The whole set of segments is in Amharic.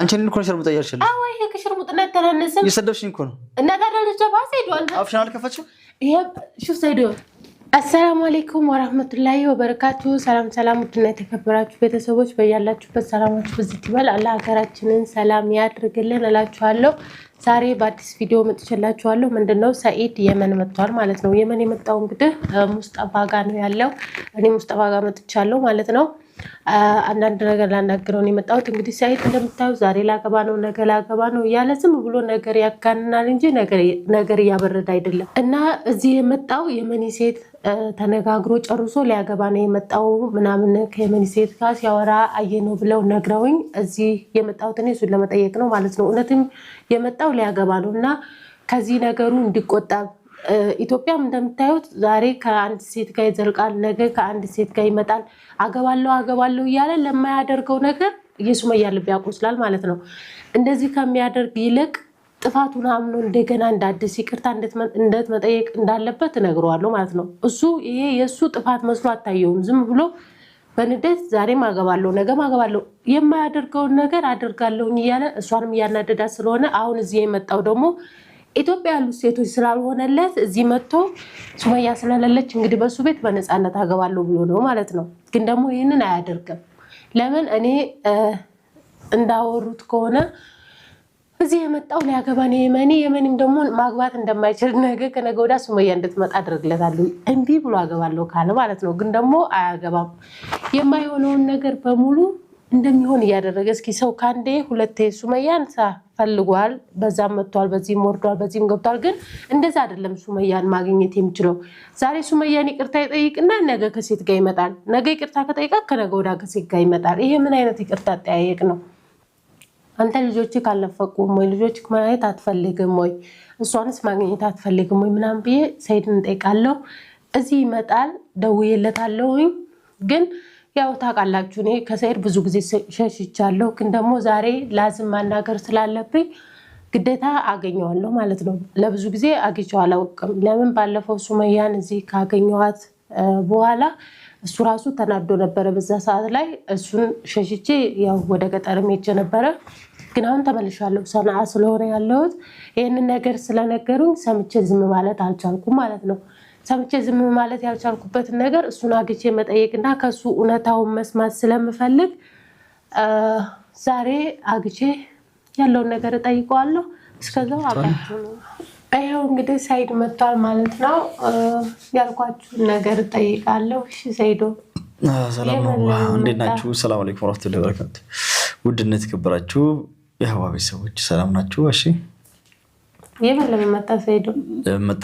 አንቺን ልን ኮሽር ሙጣ ያልሽል አዎ፣ ይሄ ኮሽር ሙጥ እና ተናነሰም እየሰደብሽኝ እኮ ነው። እና አሰላሙ አለይኩም ወራህመቱላሂ ወበረካቱ። ሰላም ሰላም፣ ውድና የተከበራችሁ ቤተሰቦች በያላችሁበት ሰላማችሁ ብዝት ይበል። አላህ ሀገራችንን ሰላም ያድርግልን እላችኋለሁ። ዛሬ በአዲስ ቪዲዮ መጥቼላችኋለሁ። ምንድነው ሰኢድ የመን መጥቷል ማለት ነው። የመን የመጣው እንግዲህ ሙስጠፋ ጋ ነው ያለው። እኔ ሙስጠፋ ጋ መጥቻለሁ ማለት ነው። አንዳንድ ነገር ላናግረው ነው የመጣሁት። እንግዲህ ሲያየት እንደምታዩ ዛሬ ላገባ ነው ነገ ላገባ ነው እያለ ዝም ብሎ ነገር ያጋንናል እንጂ ነገር እያበረደ አይደለም። እና እዚህ የመጣው የመኒ ሴት ተነጋግሮ ጨርሶ ሊያገባ ነው የመጣው ምናምን ከየመኒ ሴት ጋር ሲያወራ አየ ነው ብለው ነግረውኝ እዚህ የመጣሁት እኔ እሱን ለመጠየቅ ነው ማለት ነው። እውነትም የመጣው ሊያገባ ነው እና ከዚህ ነገሩ እንዲቆጠብ ኢትዮጵያም እንደምታዩት ዛሬ ከአንድ ሴት ጋር ይዘልቃል፣ ነገ ከአንድ ሴት ጋር ይመጣል። አገባለሁ አገባለሁ እያለ ለማያደርገው ነገር የሱመያ ልብ ያቆስላል ማለት ነው። እንደዚህ ከሚያደርግ ይልቅ ጥፋቱን አምኖ እንደገና እንደ አዲስ ይቅርታ እንደት መጠየቅ እንዳለበት እነግረዋለሁ ማለት ነው። እሱ ይሄ የእሱ ጥፋት መስሎ አታየውም። ዝም ብሎ በንደት ዛሬም አገባለሁ ነገም አገባለሁ የማያደርገውን ነገር አደርጋለሁኝ እያለ እሷንም እያናደዳት ስለሆነ አሁን እዚህ የመጣው ደግሞ ኢትዮጵያ ያሉት ሴቶች ስላልሆነለት እዚህ መጥቶ ሱመያ ስለሌለች እንግዲህ በሱ ቤት በነፃነት አገባለሁ ብሎ ነው ማለት ነው። ግን ደግሞ ይህንን አያደርግም። ለምን እኔ እንዳወሩት ከሆነ እዚህ የመጣው ሊያገባ ነው የመኒ። የመኒም ደግሞ ማግባት እንደማይችል ነገ ከነገ ወዲያ ሱመያ እንድትመጣ አድርግለታለሁ እምቢ ብሎ አገባለሁ ካለ ማለት ነው። ግን ደግሞ አያገባም። የማይሆነውን ነገር በሙሉ እንደሚሆን እያደረገ እስኪ ሰው ከአንዴ ሁለቴ ሱመያን ፈልጓል፣ በዛም መጥቷል፣ በዚህም ወርዷል፣ በዚህም ገብቷል። ግን እንደዛ አይደለም ሱመያን ማግኘት የሚችለው። ዛሬ ሱመያን ይቅርታ ይጠይቅና ነገ ከሴት ጋር ይመጣል። ነገ ይቅርታ ከጠይቃ ከነገ ወዲያ ከሴት ጋር ይመጣል። ይሄ ምን አይነት ይቅርታ አጠያየቅ ነው? አንተ ልጆች ካልነፈቁም ወይ? ልጆች ማየት አትፈልግም ወይ? እሷንስ ማግኘት አትፈልግም ወይ? ምናምን ብዬ ሰይድን እንጠይቃለሁ። እዚህ ይመጣል፣ ደውዬለታለሁኝ ግን ያው ታውቃላችሁ እኔ ከሰኢድ ብዙ ጊዜ ሸሽቻለሁ፣ ግን ደግሞ ዛሬ ላዝም ማናገር ስላለብኝ ግዴታ አገኘዋለሁ ማለት ነው። ለብዙ ጊዜ አግኝቼው አላውቅም። ለምን ባለፈው ሱመያን እዚህ ካገኘዋት በኋላ እሱ ራሱ ተናዶ ነበረ። በዛ ሰዓት ላይ እሱን ሸሽቼ ያው ወደ ገጠር ሄጄ ነበረ። ግን አሁን ተመልሻለሁ ሰናአ ስለሆነ ያለሁት ይህንን ነገር ስለነገሩኝ ሰምቼ ዝም ማለት አልቻልኩም ማለት ነው። ሰምቼ ዝም ማለት ያልቻልኩበትን ነገር እሱን አግቼ መጠየቅና ከሱ እውነታውን መስማት ስለምፈልግ ዛሬ አግቼ ያለውን ነገር እጠይቀዋለሁ። እስከዛው አብራችሁ ነው። ይኸው እንግዲህ ሰይድ መጥቷል ማለት ነው። ያልኳችሁን ነገር እጠይቃለሁ። እሺ ሰይዶ ሰላም ነው። እንዴት ናችሁ? ሰላም አለይኩም ወራህመቱላሂ ወበረካቱ። ውድነት ክብራችሁ የህዋ ቤተሰቦች ሰላም ናችሁ? እሺ የበለመ መጣ ሰይዶ መጣ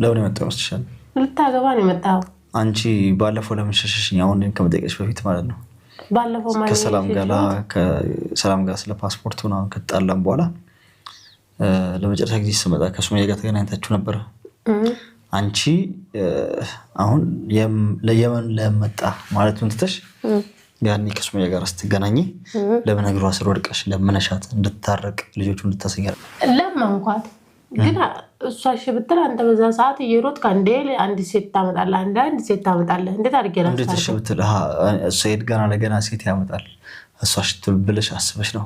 ለምን የመጣ ይመስልሻል? ልታገባ ነው የመጣው። አንቺ ባለፈው ለምን ሸሸሽኝ? አሁን ከመጠየቅሽ በፊት ማለት ነው። ባለፈው ከሰላም ጋላ ከሰላም ጋር ስለ ፓስፖርት ምናምን ከተጣላም በኋላ ለመጨረሻ ጊዜ ስመጣ ከሱማያ ጋር ተገናኝታችሁ ነበረ። አንቺ አሁን ለየመን ለመጣ ማለቱን ትተሽ ያኔ ከሱማያ ጋር ስትገናኝ ለምን እግሯ ስር ወድቀሽ ለምነሻት እንድታረቅ ልጆቹ እንድታሰኛል ለመንኳት ግን እሷ እሺ ብትል አንተ በዛ ሰዓት እየሮጥክ አንዴ አንድ ሴት ታመጣለህ፣ አንዴ አንድ ሴት ታመጣለህ። እንዴት አድርጌ እንዴት እሺ ብትል እሱ ሄድ ገና ለገና ሴት ያመጣል። እሷ እሺ ብለሽ አስበሽ ነው።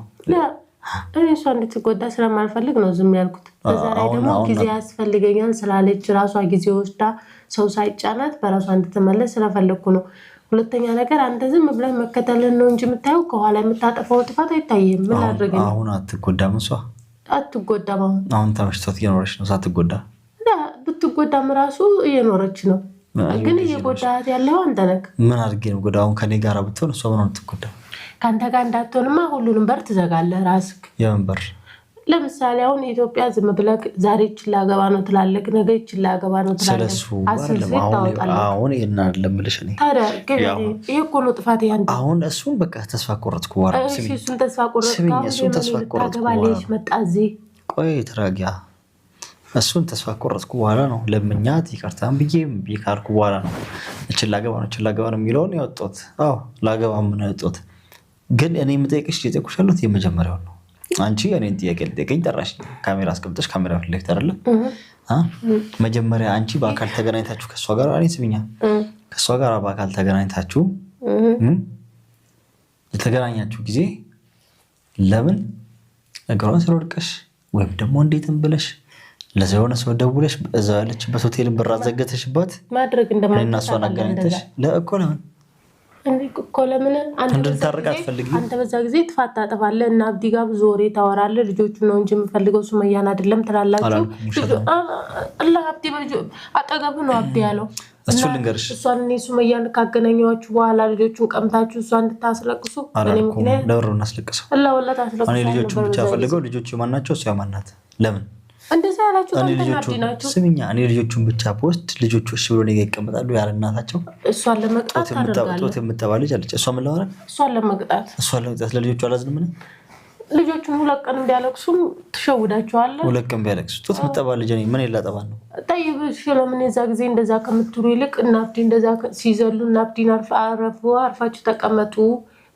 እኔ እሷ እንድትጎዳ ስለማልፈልግ ነው ዝም ያልኩት። በዛ ላይ ደግሞ ጊዜ ያስፈልገኛል ስላለች ራሷ ጊዜ ወስዳ ሰው ሳይጫናት በራሷ እንድትመለስ ስለፈለግኩ ነው። ሁለተኛ ነገር አንተ ዝም ብለን መከተልን ነው እንጂ የምታየው ከኋላ የምታጠፋው ጥፋት አይታይም። ምን አድርገኝ አሁን አትጎዳም እሷ አትጎዳም። አሁን አሁን ተመችቷት እየኖረች ነው ሳትጎዳ። ብትጎዳም ራሱ እየኖረች ነው። ግን እየጎዳት ያለው አንተ ነህ። ምን አድርጌ ነው ጎዳ? አሁን ከኔ ጋር ብትሆን እሷ ምን ትጎዳ? ከአንተ ጋር እንዳትሆንማ ሁሉንም በር ትዘጋለህ ራስህ። የምን በር ለምሳሌ አሁን ኢትዮጵያ ዝም ብለህ ዛሬ ይችን ላገባ ነው ትላለህ፣ ነገ ይችን ላገባ ነው ትላለህ። ይሄ እኮ ነው ጥፋት። አሁን እሱን በቃ ተስፋ ቆረጥኩ፣ እሱን ተስፋ ቆረጥኩ። መጣ እዚህ ቆይ ተረጋጊያ። እሱን ተስፋ ቆረጥኩ በኋላ ነው ለምኛት ይቅርታን ብዬም ብዬ ካልኩ በኋላ ነው እችን ላገባ ነው እችን ላገባ ነው የሚለውን ያወጡት። አዎ ላገባ ምን ያወጡት። ግን እኔ የምጠይቅሽ የጠይቁሽ ያሉት የመጀመሪያው ነው አንቺ እኔን ጥያቄ ልጠይቀኝ ጠራሽ። ካሜራ አስቀምጠሽ ካሜራ ፊት ለፊት አይደለ? መጀመሪያ አንቺ በአካል ተገናኝታችሁ ከእሷ ጋር እኔ ስብኛ ከእሷ ጋር በአካል ተገናኝታችሁ የተገናኛችሁ ጊዜ ለምን እግሯን ስለወድቀሽ ወይም ደግሞ እንዴትም ብለሽ ለዚ የሆነ ሰው ደውለሽ እዛ ያለችበት ሆቴልን ብር አዘገተሽባት ማድረግ እሷን አገናኝተሽ ለእኮ ለምን እኮ ለምን እንድንታርቅ አትፈልጊ? አንተ በዛ ጊዜ ጥፋት ታጠፋለህ እና አብዲ ጋር ብዙ ወሬ ታወራለህ። ልጆቹ ነው እንጂ የምፈልገው ሱመያን አይደለም ትላላችሁ። አብዲ አጠገብ ነው አብዲ ያለው እሱ ልንገርሽ፣ እሷን እኔ ሱመያን ካገናኘኋችሁ በኋላ ልጆቹን ቀምታችሁ እሷ እንድታስለቅሱ ምክንያት ደብረ እናስለቅሰው። እላ አስለቅሱ። ታስለቅሱ። እኔ ልጆቹን ብቻ ፈልገው ልጆቹ ማናቸው እሷ ማናት ለምን እንደዛ ስምኛ እኔ ልጆቹን ብቻ ፖስት ልጆቹ እሺ ብሎ ነገ ይቀመጣሉ። ያለ እናታቸው እሷን ለመቅጣት ጦት የምትባ ልጅ አለች። እሷ ምን ላወራል? እሷን ለመቅጣት እሷን ለመቅጣት ለልጆቹ አላዝንም። ምን ልጆቹን ሁለት ቀን ቢያለቅሱም ትሸውዳቸዋለህ። ሁለት ቀን ቢያለቅሱ ጦት የምትጠባ ልጅ ምን ላጠባ ነው? ጠይብ ስለምን የዛ ጊዜ እንደዛ ከምትሉ ይልቅ እናብዲ እንደዛ ሲዘሉ እናብዲን አረፉ፣ አርፋችሁ ተቀመጡ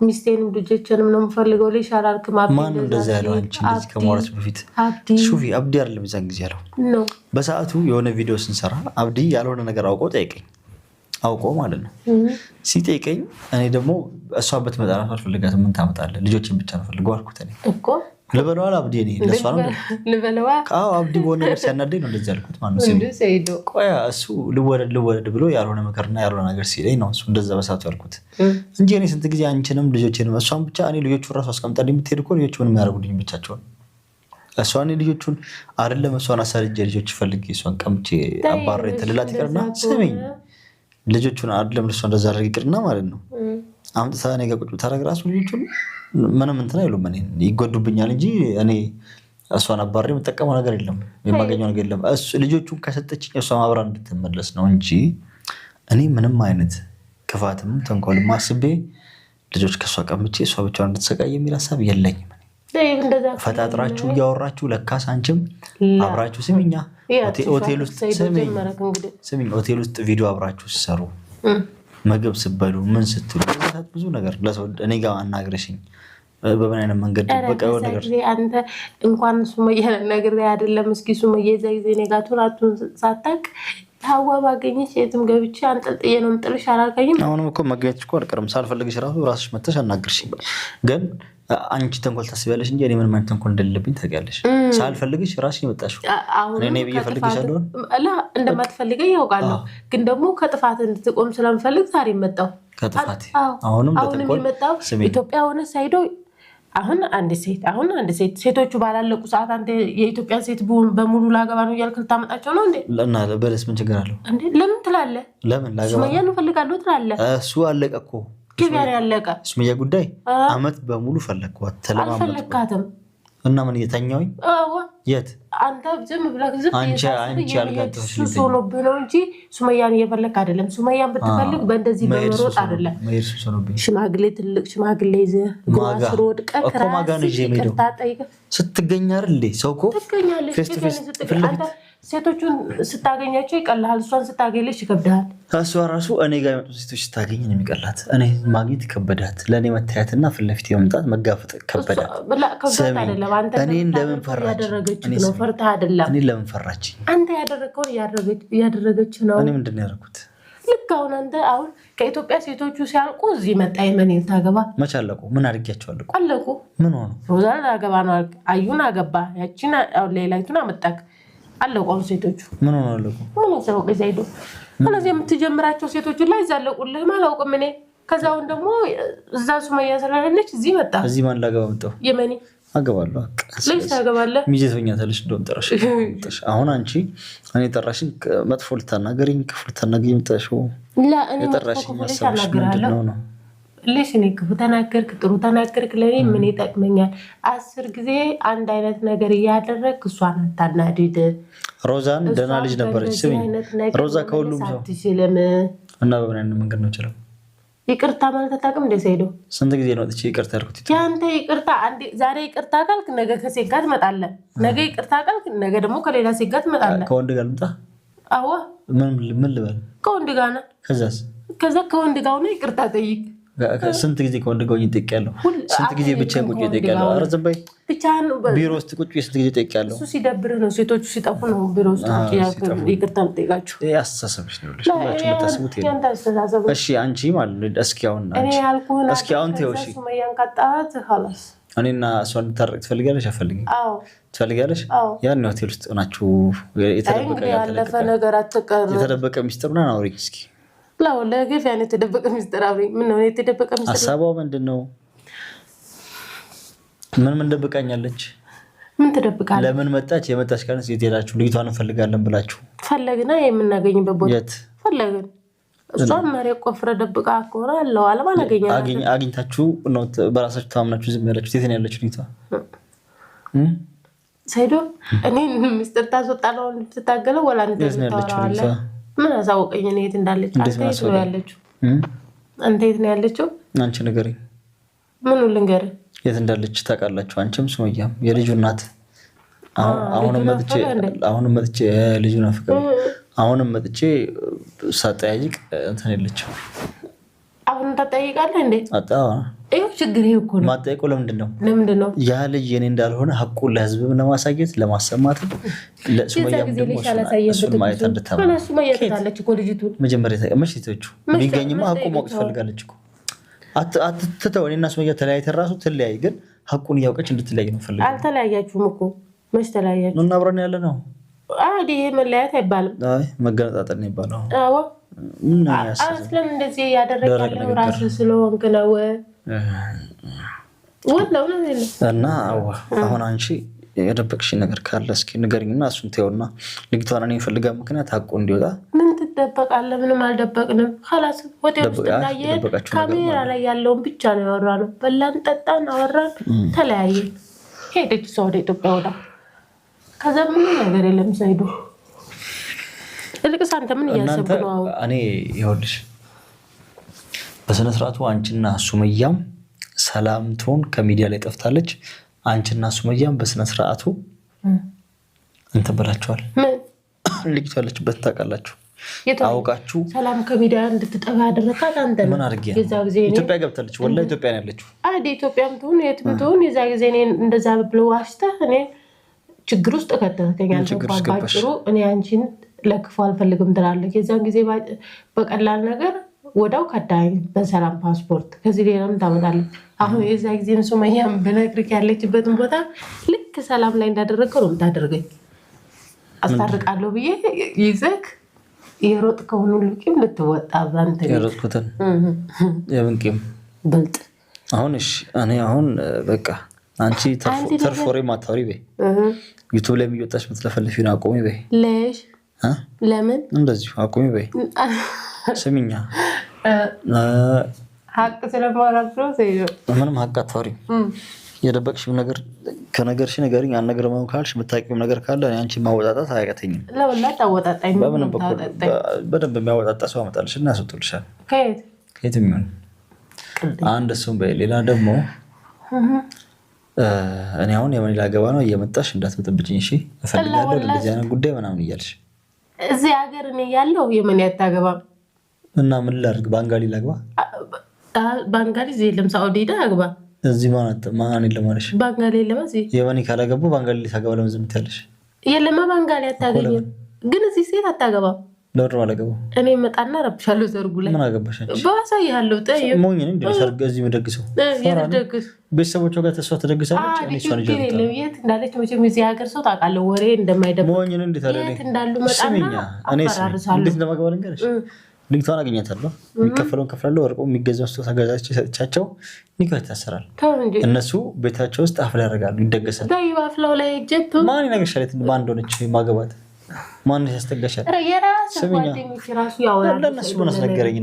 ሚስቴንም ልጆችንም ነው የምፈልገው ልሽ አላልክ። ማን እንደዛ ያለው አንቺ እንደዚህ ከማውራት በፊት ሹፊ አብዲ አይደለም የዛን ጊዜ ያለው። በሰዓቱ የሆነ ቪዲዮ ስንሰራ አብዲ ያልሆነ ነገር አውቆ ጠይቀኝ አውቆ ማለት ነው ሲጠይቀኝ፣ እኔ ደግሞ እሷ ብትመጣ እራሱ አልፈልጋትም ምን ታመጣለህ ልጆችን ብቻ ነው ፈልገው አልኩት እኮ ልበለዋ አብዴ ልበለዋ አብዲ በሆነ ነገር ሲያናደኝ ነው እንደዚህ ያልኩት። እሱ ልወደድ ልወደድ ብሎ ያልሆነ ምክርና ያልሆነ ነገር ሲለኝ ነው እሱ እንደዛ በሳቱ ያልኩት እንጂ እኔ ስንት ጊዜ አንቺንም ልጆችንም እሷን ብቻ እኔ ልጆቹን ራሱ አስቀምጣልኝ የምትሄድ እኮ ልጆቹ ምን የሚያደርጉልኝ ብቻቸውን እሷ እኔ ልጆቹን አይደለም እሷን አሳድጄ ልጆች ፈልጌ እሷን ቀምቼ አባሬ ተልላት ይቅርና ስሚኝ ልጆቹን አይደለም ልሷ እንደዛ አድርግ ይቅርና ማለት ነው አምጥታ እኔ ጋር ቁጭ ራሱ ልጆቹ ምንም እንትን አይሉም። እኔ ይጎዱብኛል እንጂ እኔ እሷን አባሬ የምጠቀመው ነገር የለም፣ የማገኘው ነገር የለም። ልጆቹን ከሰጠችኝ እሷ ማብራ እንድትመለስ ነው እንጂ እኔ ምንም አይነት ክፋትም ተንኮልም አስቤ ልጆች ከእሷ ቀምቼ እሷ ብቻ እንድትሰቃይ የሚል ሀሳብ የለኝም። ፈጣጥራችሁ እያወራችሁ ለካስ አንቺም አብራችሁ ስሚኛ ሆቴል ውስጥ ቪዲዮ አብራችሁ ሲሰሩ ምግብ ስበሉ ምን ስትሉ ብዙ ነገር ለሰው እኔ ጋር አናግረሽኝ በምን አይነት መንገድ አንተ እንኳን ሱመያ ነገር አይደለም። እስኪ ሱመያ የዛ ጊዜ ኔጋቱን አቱን ሳታቅ ታዋ ባገኘች የትም ገብቼ አንጠልጥዬ ነው የምጥልሽ አላልከኝም? አሁንም እኮ መገኘት እኮ አልቀርም። ሳልፈልግሽ ራሱ ራስሽ መተሽ አናግርሽኝ። ግን አንቺ ተንኮል ታስቢያለሽ እንጂ እኔ ምንም አይነት ተንኮል እንደሌለብኝ ታውቂያለሽ። ሳልፈልግሽ ራስሽ የመጣሽው እኔ ብዬ እፈልግሻለሁ እንደማትፈልገኝ ያውቃለሁ። ግን ደግሞ ከጥፋት እንድትቆም ስለምፈልግ ዛሬ መጣው ከጥፋት አሁንም በተንኮል ኢትዮጵያ ሆነ ሳይዶ አሁን አንድ ሴት አሁን አንድ ሴት ሴቶቹ ባላለቁ ሰዓት አንተ የኢትዮጵያን ሴት በሙሉ ላገባ ነው እያልክ ልታመጣቸው ነው እንዴ? እና በለስ ምን ችግር አለው? ለምን ትላለህ? ለምን ሱመያን እፈልጋለሁ ትላለህ? እሱ አለቀ እኮ ግቢያ ያለቀ ሱመያ ጉዳይ አመት በሙሉ ፈለግኳት፣ ተለማመጥኩ። አልፈለግካትም እና ምን እየተኛውኝ የት አንተ ዝም ብለህ ዝም ሱስ ሆኖብህ ነው እንጂ ሱመያን እየፈለግ አይደለም። ሱመያን ብትፈልግ በእንደዚህ በመሮጥ አይደለም። ሽማግሌ ትልቅ ሽማግሌ ይዘህ ስር ወድቀህ ስትገኝ አይደል ሰው እኮ ሴቶቹን ስታገኛቸው ይቀልሃል፣ እሷን ስታገኘች ይከብድሃል። እሷ ራሱ እኔ ጋር የመጡ ሴቶች ስታገኝ ነው የሚቀላት። እኔ ማግኘት ከበዳት፣ ለእኔ መታየትና ፊት ለፊት የመምጣት መጋፈጥ ከበዳት። እኔ ለምን ፈራች? አንተ ያደረገውን እያደረገች ነው። እኔ ምንድን ነው ያደረኩት? ልክ አሁን አንተ አሁን ከኢትዮጵያ ሴቶቹ ሲያልቁ እዚህ መጣ የመን ታገባ መች አለቁ። ምን አድርጊያቸው አለቁ? አለቁ። ምን ሆኑ? ሮዛን አገባ ነው አዩን አገባ፣ ያቺን ሌላይቱን አመጣክ አለቁ። ሴቶቹ ምን አለቁ። ምን ሰው ጊዜ ሄዱ። ስለዚህ የምትጀምራቸው ሴቶቹ ላይ ዛለቁልህም አላውቅም እኔ። ከዛውን ደግሞ እዛ ሱመያ ስላለች እዚህ መጣ። እዚህ ማን ላገባ መጣሁ የመኔ አገባለሁ ልጅ ታገባለህ። ሚዜ ትሆኛታለሽ። እንደውም ጠራሽ። አሁን አንቺ እኔ ጠራሽኝ መጥፎ ልታናገሪኝ ክፉ ልታናገሪኝ የምጠራሽው የጠራሽኝ ማሰብሽ ምንድን ነው? ልሽ እኔ ክፉ ተናገርክ ጥሩ ተናገርክ ለእኔ ምን ይጠቅመኛል? አስር ጊዜ አንድ አይነት ነገር እያደረግ እሷን አታናድድ። ሮዛን ደህና ልጅ ነበረች። ስሚኝ ሮዛ ከሁሉም ሰውትችልም እና በምን አይነት መንገድ ነው ችለው ይቅርታ ማለት አታውቅም። እንደ ሰይዶ ስንት ጊዜ ነው ጥቼ ይቅርታ ያልኩት? ያንተ ይቅርታ ዛሬ ይቅርታ ካልክ ነገ ከሴት ጋር ትመጣለህ። ነገ ይቅርታ ካልክ ነገ ደግሞ ከሌላ ሴት ጋር ትመጣለህ። ከወንድ ጋር ልምጣ? አዎ ምን ልበል? ከወንድ ጋር ነህ። ከዛስ? ከዛ ከወንድ ጋር ሆነ ይቅርታ ጠይቅ ስንት ጊዜ ከወንድ ጋር ሆኜ ጠይቄያለሁ። ስንት ጊዜ ብቻ ቁጭ ጠይቄያለሁ። ኧረ ዝም በይ ቢሮ ውስጥ ቁጭ ስንት ጊዜ ጠይቄያለሁ። እሱ ነው፣ ሴቶቹ ሲጠፉ ነው ቢሮ ውስጥ ይቅርታ አስተሳሰብሽ ነው የምታስቡት። እሺ አንቺ ማለት እስኪ አሁን እስኪ አሁን ተይው ሱመያን ላስ እኔና እሷ እንድታረቅ ትፈልጋለሽ? አፈልግ ትፈልጋለሽ? ያን ሆቴል ውስጥ ናችሁ የተደበቀ ሚስጥር ና አውሪኝ እስኪ ላሁን ለገፍ ያን የተደበቀ ሚስጥር አብሪ ምነው የተደበቀ ሚስጥር ሀሳቧ ምንድን ነው? ምን ምን ደብቃኛለች? ምን ትደብቃለች? ለምን መጣች? የመጣች ቀን የት ሄዳችሁ ልጅቷን እንፈልጋለን ብላችሁ ፈለግና የምናገኝበት ቦታ የት ፈለግን? እሷን መሬት ቆፍረ ደብቃ ከሆነ አለም አናገኛለን። አግኝታችሁ ነው በራሳችሁ ተማምናችሁ ዝም ያላችሁ። የት ነው ያለችው ልጅቷ? ሰይዶ እኔ ሚስጥር ታስወጣለሁ ስታገለው ወላ ያለችው ምን አሳወቀኝ? እኔ የት እንዳለች? አንተ ነው ያለችው? አንተ የት ነው ያለችው? አንቺ ንገሪኝ። ምኑ ልንገር? የት እንዳለች ታውቃላችሁ? አንቺም ሱመያም የልጁ እናት። አሁንም መጥቼ ልጁ አፍቅር፣ አሁንም መጥቼ ሳጠያይቅ እንትን የለችም። አሁን ታጠያይቃለህ እንዴ? ይኸው ችግር ይሄ እኮ ነው። ማጠየቁ ለምንድን ነው ለምንድን ነው? ያ ልጅ የኔ እንዳልሆነ ሀቁን ለህዝብም ለማሳየት ለማሰማት ለሱመያም ደግሞ እሱን ማየት እንድታለች እኮ ልጅቱ መጀመሪያ መሽቶቹ ቢገኝማ ሀቁ ማወቅ ትፈልጋለች እኮ እኔና ሱመያ ተለያይተን ራሱ ትለያይ፣ ግን ሀቁን እያውቀች እንድትለያይ ነው ፈልጋ። አልተለያያችሁም እኮ መች ተለያያችሁ? እና አብረን ያለ ነው። አዲ ይሄ መለያየት አይባልም፣ መገነጣጠል ነው ይባለው። ስለምን እንደዚህ ያደረግ ያለው ራሱ ስለሆንክ ነው እና አሁን አንቺ የደበቅሽ ነገር ካለ እስኪ ንገርኝና እሱን ተውና ልጅቷን እኔ ፈልጋ ምክንያት አቁ እንዲወጣ ምን ትደበቃለ? ምንም አልደበቅንም። ላስ ወደ ውስጥ ካሜራ ላይ ያለውን ብቻ ነው ያወራ ነው። በላን፣ ጠጣን፣ አወራን፣ ተለያየን። ሄደች እሷ ወደ ኢትዮጵያ ወዳ ከዛ ምንም ነገር የለም። ሳይዱ ልቅስ አንተ ምን እያሰብ ነው? እኔ ይኸውልሽ በስነ ስርዓቱ አንቺና ሱመያም ሰላምቶን ከሚዲያ ላይ ጠፍታለች። አንቺና ሱመያም በስነ ስርዓቱ እንትን ብላችኋል። ልጅቷ ያለችበት ታውቃላችሁ፣ አውቃችሁ ሰላም ከሚዲያ እንድትጠፋ ያደረካት አንተ ምን አድርጌ ኢትዮጵያ ገብታለች። ወላ ኢትዮጵያ ያለችው አዲ ኢትዮጵያም ትሁን የትም ትሁን የዛ ጊዜ እኔ እንደዛ ብሎ ዋሽተህ እኔ ችግር ውስጥ ከተተኛ ባጭሩ እኔ አንቺን ለክፉ አልፈልግም ትላለች። የዛን ጊዜ በቀላል ነገር ወዳው ከዳኝ በሰላም ፓስፖርት ከዚህ ሌላ ምታመጣለን? አሁን የዛ ጊዜ ሱመያም ብነግርህ ያለችበትን ቦታ ልክ ሰላም ላይ እንዳደረገው ነው የምታደርገኝ። አስታርቃለሁ ብዬ ይዘህ የሮጥ ከሆኑ ልቂም ልትወጣ የሮጥኩትን የምን ቂም በልጥ አሁን እሺ፣ እኔ አሁን በቃ አንቺ ተርፍ ወሬ ማታወሪ በይ። ዩቱብ ላይ የሚወጣች ምትለፈልፊ ነው አቁሚ በይ። ለምን እንደዚሁ አቁሚ በይ። ስሚኛ ሀቅ ስለማናግረው ምንም ሀቅ አታወሪም። የደበቅሽው ነገር ከነገርሽ ንገሪኝ። አልነግርም ካልሽ የምታውቂው ነገር ካለ አንቺ ማወጣጣት አያቀተኝም። በምንም በኩል በደንብ የሚያወጣጣ ሰው አመጣልሽ እና ያስወጡልሻል። ከየት የሚሆን አንድ እሱም በይ። ሌላ ደግሞ እኔ አሁን የመን ላገባ ነው እየመጣሽ እንዳትበጥብጭኝ እሺ። እፈልጋለሁ እንደዚህ አይነት ጉዳይ ምናምን እያልሽ እዚህ ሀገር እኔ ያለው የመን ያታገባም እና ምን ላድርግ? ባንጋሊ ላግባ? ባንጋሊ እዚህ የለም። ሳውዲ ሄደህ አግባ። እዚህ ማን የለም አለሽ? ባንጋሊ የለም። እዚህ የመኒ ካላገቡ ባንጋሊ ታገባ? ለምን ዝም ትያለሽ? የለማ ባንጋሊ አታገኝም። ግን እዚህ ሴት አታገባም። ለወር አላገባም። እኔ መጣና ረብሻለሁ። ሰርጉ ላይ ምን አገባሽ? ባሳያለሁ። ሞኝ ሰርግ እዚህ የምደግሰው ቤተሰቦቿ ጋር ተስፋ ተደግሳለች። የት እንዳለች መቼም የዚህ ሀገር ሰው ታውቃለህ፣ ወሬ እንደማይደብቅ ሞኝ። እንዴት እንዳሉ መጣና አፈራርሳለሁ። እንዴት እንደማገባ ልንገርሽ ልጅቷን አገኛታለሁ። የሚከፈለውን ከፍላለሁ። ወርቆ የሚገዛውን ስጦታ ገዛች ሰጥቻቸው ኒካ ይታሰራል። እነሱ ቤታቸው ውስጥ አፍላ ያደርጋሉ፣ ይደገሳል። ማን ይነግርሻል ማን እንደሆነች ማገባት? ማን ያስጠጋሻል? ለእነሱ ምን አስነገረኝ?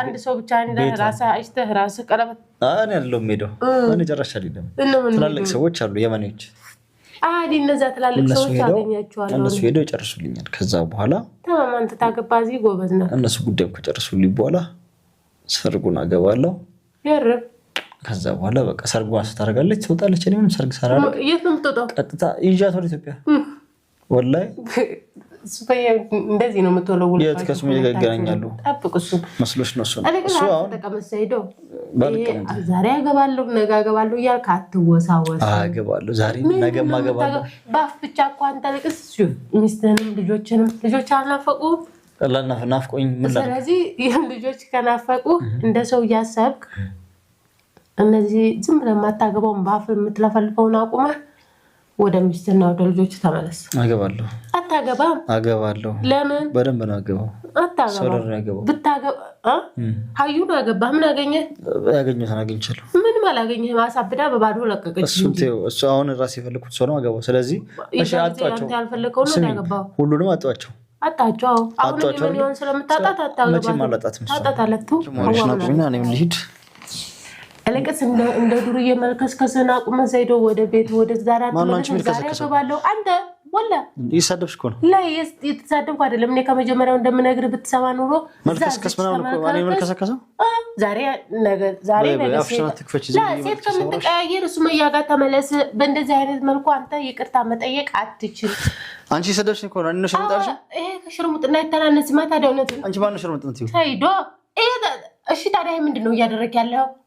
አንድ ሰው ብቻ አይደለሁም ሄደው ጨረሻ ትላልቅ ሰዎች አሉ የመኔዎች አዲ እነዛ ትላልቅ ሰዎች አገኛቸዋለሁ። እነሱ ሄደው ይጨርሱልኛል። ከዛ በኋላ ተማማን እዚህ ጎበዝ እነሱ ጉዳይ ከጨርሱልኝ በኋላ ሰርጉን አገባለሁ። ከዛ በኋላ በቃ ሰርጓን ስታደርጋለች ትወጣለች። ሰርግ ሰራ። የት ነው የምትወጣው? ቀጥታ ይዣት ወደ ኢትዮጵያ ወላይ እንደዚህ ነው የምትወለውለው። የት ከእሱም ይገናኛሉ። ጠብቅ እሱን ነው ዛሬ አገባለሁ ነገ አገባለሁ እያልክ አትወሳወስ። ልጆች ከናፈቁ እንደ ሰው እያሰብክ እነዚህ ዝም ብለህ የማታገባውን ባፍ የምትለፈልፈውን አቁመህ ወደ ሚስትና ወደ ልጆች ተመለስ። አገባለሁ። አታገባም? አገባለሁ። ለምን? በደንብ ነው አገባው። ሀዩ ነው ያገባህ። ምን አገኘ? ያገኘሁትን አግኝቻለሁ። ምንም አላገኘህም። ማሳብዳ በባዶ ለቀቀች። እሱ አሁን ራሴ የፈለግኩት ሰው ነው አገባው። ስለዚህ ሁሉንም አጧቸው አጣቸው። አሁን ሊሆን ስለምታጣት አጣጣለቱ ሊሄድ እልቅስ እንደ ዱርዬ መልከስከስን አቁመህ ዘይዶ ወደ ቤት ወደ ዛራ ባለው አንተ ወላ ይሳደብሽ እኮ ነው ላይ የተሳደብኩ አይደለም። እኔ ከመጀመሪያው እንደምነግር ብትሰማ ኑሮ መልከስከስ መልከሰከሰው ዛሬ ሴት ከምትቀያየር እሱ መያጋ ተመለስ። በእንደዚህ አይነት መልኩ አንተ ይቅርታ መጠየቅ አትችል። አንቺ የሰደብሽ እኮ ነው። ይሄ ሽርሙጥና የተናነስ ማታ እሺ፣ ታዲያ ምንድን ነው እያደረግ ያለው?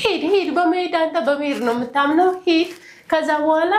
ሄድ ሄድ፣ በመሄድ አንተ በመሄድ ነው የምታምነው። ሄድ ከዛ በኋላ